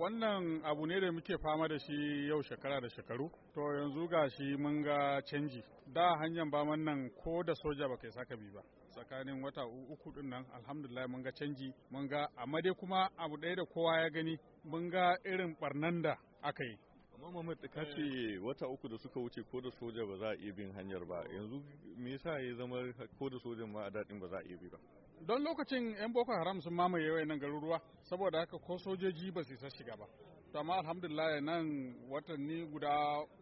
wannan abu ne da muke fama da shi yau shekara da shekaru to yanzu ga shi mun ga canji da hanyar baman nan ko da soja ba kai saka bi ba tsakanin wata uku din nan alhamdulillah mun ga canji mun ga amma dai kuma abu ɗaya da kowa ya gani mun ga irin barnan da aka yi amma Muhammad ka wata uku da suka wuce ko da soja ba za a iya bin hanyar ba yanzu me yasa ya zama ko da sojan ma a daɗin ba za a iya bi ba don lokacin 'yan boko haram sun mamaye wayannan garuruwa saboda haka ko sojoji ba su isa shiga ba to amma alhamdulillah nan watanni guda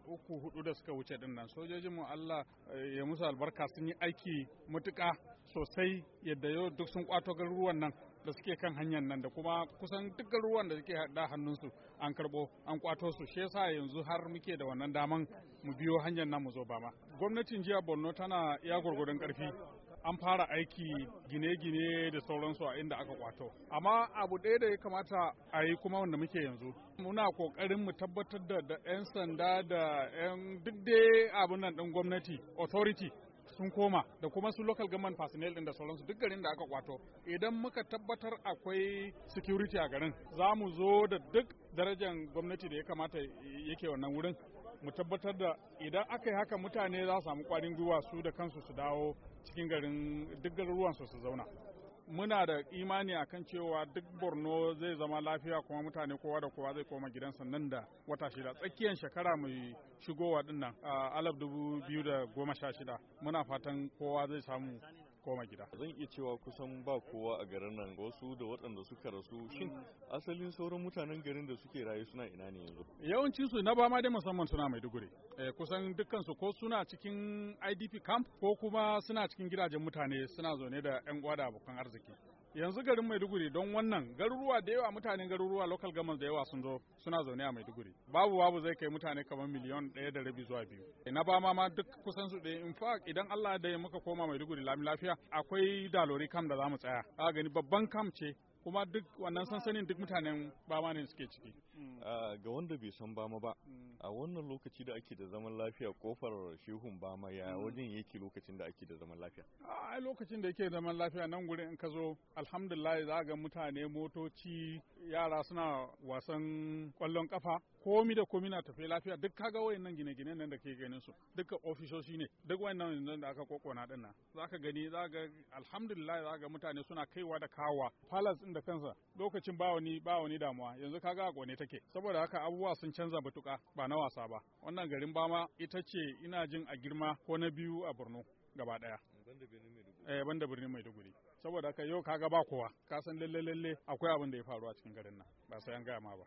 uku hudu da suka wuce din nan sojojin mu Allah eh, ya musu albarka sun yi aiki mutuka sosai yadda yau duk sun kwato garuruwan nan da suke kan hanyar nan da kuma kusan duk garuruwan da suke da hannunsu an karbo an kwato su shi yasa yanzu har muke da wannan daman mu biyo hanyar nan mu zo ba ma gwamnatin jiya Borno tana iya gurgurdan karfi an fara aiki gine-gine da sauransu a inda aka kwato amma abu ɗaya da ya kamata a yi kuma wanda muke yanzu muna kokarin mu tabbatar da da 'yan sanda da 'yan duk dai abin nan ɗin gwamnati authority sun koma da kuma su local government personnel din da sauransu duk garin da aka kwato idan muka tabbatar akwai security a garin za mu zo da duk darajar gwamnati da ya kamata yake wannan wurin mu tabbatar da idan aka yi haka mutane za su samu kwarin gwiwa su da kansu su dawo cikin garin duk garuruwan su su zauna muna da imani akan cewa duk borno zai zama lafiya kuma mutane kowa da kowa zai koma gidansa nan da wata shida tsakiyar shekara mai shigowa dinnan a alaf dubu biyu da goma sha shida muna fatan kowa zai samu koma gida zan iya cewa kusan ba kowa a garin nan wasu da waɗanda suka rasu shin asalin sauran mutanen garin da suke rayu suna ina ne yanzu yawancin su na ba ma dai musamman suna maiduguri eh, kusan dukkan su ko suna cikin idp camp ko kuma suna cikin gidajen mutane suna zaune da yan uwa da abokan arziki yanzu garin maiduguri don wannan garuruwa da yawa mutanen garuruwa local government da yawa sun zo suna zaune a maiduguri babu babu zai kai mutane kamar miliyon ɗaya da rabi zuwa biyu na ba ma duk kusan su ɗaya in fact idan allah da muka koma maiduguri lami lafiya akwai dalori kam da za mu tsaya a gani babban kam ce kuma duk wannan sansanin duk mutanen bama ne suke ciki hmm. ah, ga wanda bai san bama ba hmm. a wannan lokaci da ake da zaman lafiya kofar shehun bama ya hmm. wajen yake lokacin da ake da zaman lafiya a ah, lokacin da yake zaman lafiya nan gurin in ka zo alhamdulillah za ga mutane motoci yara suna wasan kwallon kafa komi da komi na tafi lafiya duk kaga wayannan gine-gine nan da ke ganin su duka ofishoshi ne duk wayannan da aka kokona dinnan za ka gani za ga alhamdulillah za ga mutane suna kaiwa da kawa palace din da kansa lokacin ba wani ba damuwa yanzu kaga a kone take saboda haka abubuwa sun canza batuka ba na wasa ba wannan garin bama ita ce ina jin a girma ko na biyu a Borno gaba daya eh banda birnin Maiduguri saboda haka yau kaga ba kowa ka san lalle lalle akwai abin da ya faru a cikin garin nan ba sai an gaya ma ba